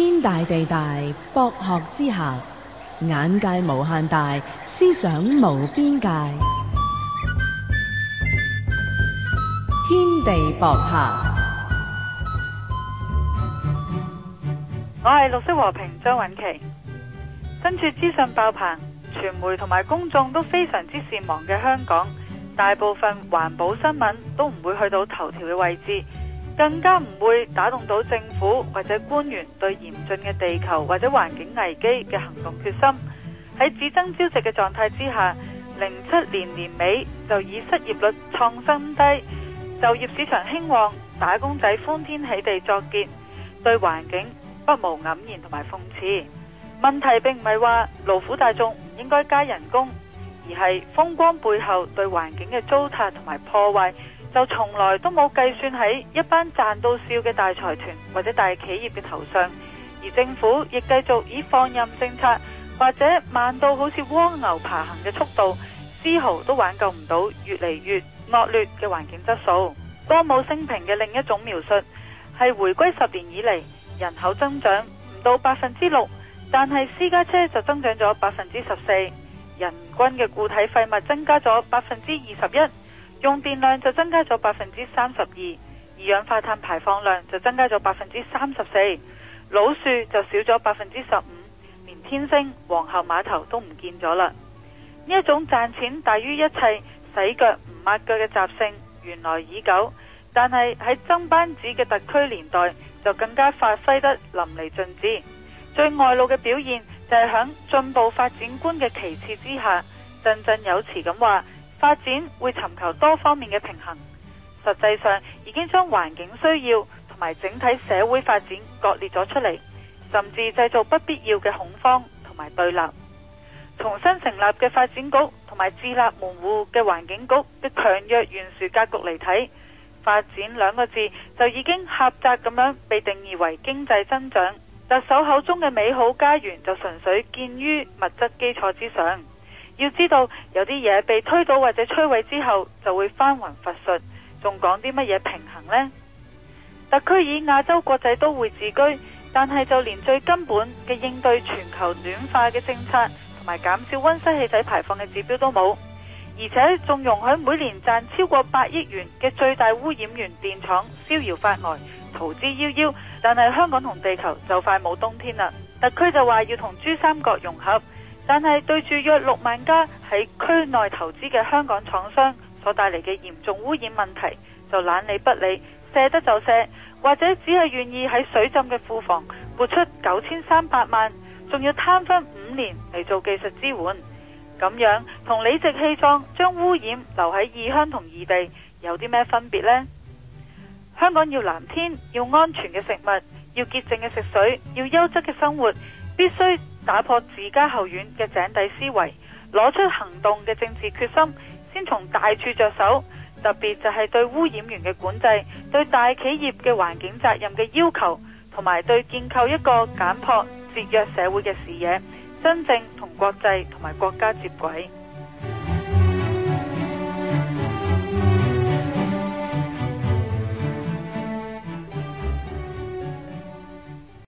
天大地大，博學之下，眼界無限大，思想無邊界。天地博客，我係綠色和平張韻琪。身處資訊爆棚、傳媒同埋公眾都非常之善忘嘅香港，大部分環保新聞都唔會去到頭條嘅位置。更加唔會打動到政府或者官員對嚴峻嘅地球或者環境危機嘅行動決心。喺只爭朝夕嘅狀態之下，零七年年尾就以失業率創新低，就業市場興旺，打工仔歡天喜地作結，對環境不無黯然同埋諷刺。問題並唔係話勞苦大眾唔應該加人工，而係風光背後對環境嘅糟蹋同埋破壞。就從來都冇計算喺一班賺到笑嘅大財團或者大企業嘅頭上，而政府亦繼續以放任政策，或者慢到好似蝸牛爬行嘅速度，絲毫都挽救唔到越嚟越惡劣嘅環境質素。歌舞升平嘅另一種描述係回歸十年以嚟人口增長唔到百分之六，但係私家車就增長咗百分之十四，人均嘅固體廢物增加咗百分之二十一。用電量就增加咗百分之三十二，二氧化碳排放量就增加咗百分之三十四，老樹就少咗百分之十五，連天星皇后碼頭都唔見咗啦。呢一種賺錢大於一切、洗腳唔抹腳嘅習性，原來已久，但係喺曾班子嘅特區年代就更加發揮得淋漓盡致。最外露嘅表現就係響進步發展觀嘅旗幟之下，振振有詞咁話。發展會尋求多方面嘅平衡，實際上已經將環境需要同埋整體社會發展割裂咗出嚟，甚至製造不必要嘅恐慌同埋對立。重新成立嘅發展局同埋自立門戶嘅環境局嘅強弱懸殊格局嚟睇，發展兩個字就已經狹窄咁樣被定義為經濟增長。特首口中嘅美好家園就純粹建於物質基礎之上。要知道有啲嘢被推倒或者摧毀之後就會返魂乏術，仲講啲乜嘢平衡咧？特區以亞洲國際都會自居，但係就連最根本嘅應對全球暖化嘅政策，同埋減少溫室氣體排放嘅指標都冇，而且仲容許每年賺超過八億元嘅最大污染源電廠逍遙法外，逃之夭夭。但係香港同地球就快冇冬天啦！特區就話要同珠三角融合。但係對住約六萬家喺區內投資嘅香港廠商所帶嚟嘅嚴重污染問題，就懶理不理，卸得就卸，或者只係願意喺水浸嘅庫房撥出九千三百萬，仲要攤分五年嚟做技術支援，咁樣同理直氣壯將污染留喺異鄉同異地，有啲咩分別呢？香港要藍天，要安全嘅食物，要潔淨嘅食水，要優質嘅生活，必須。打破自家後院嘅井底思維，攞出行動嘅政治決心，先從大處着手，特別就係對污染源嘅管制，對大企業嘅環境責任嘅要求，同埋對建構一個簡樸節約社會嘅視野，真正同國際同埋國家接軌。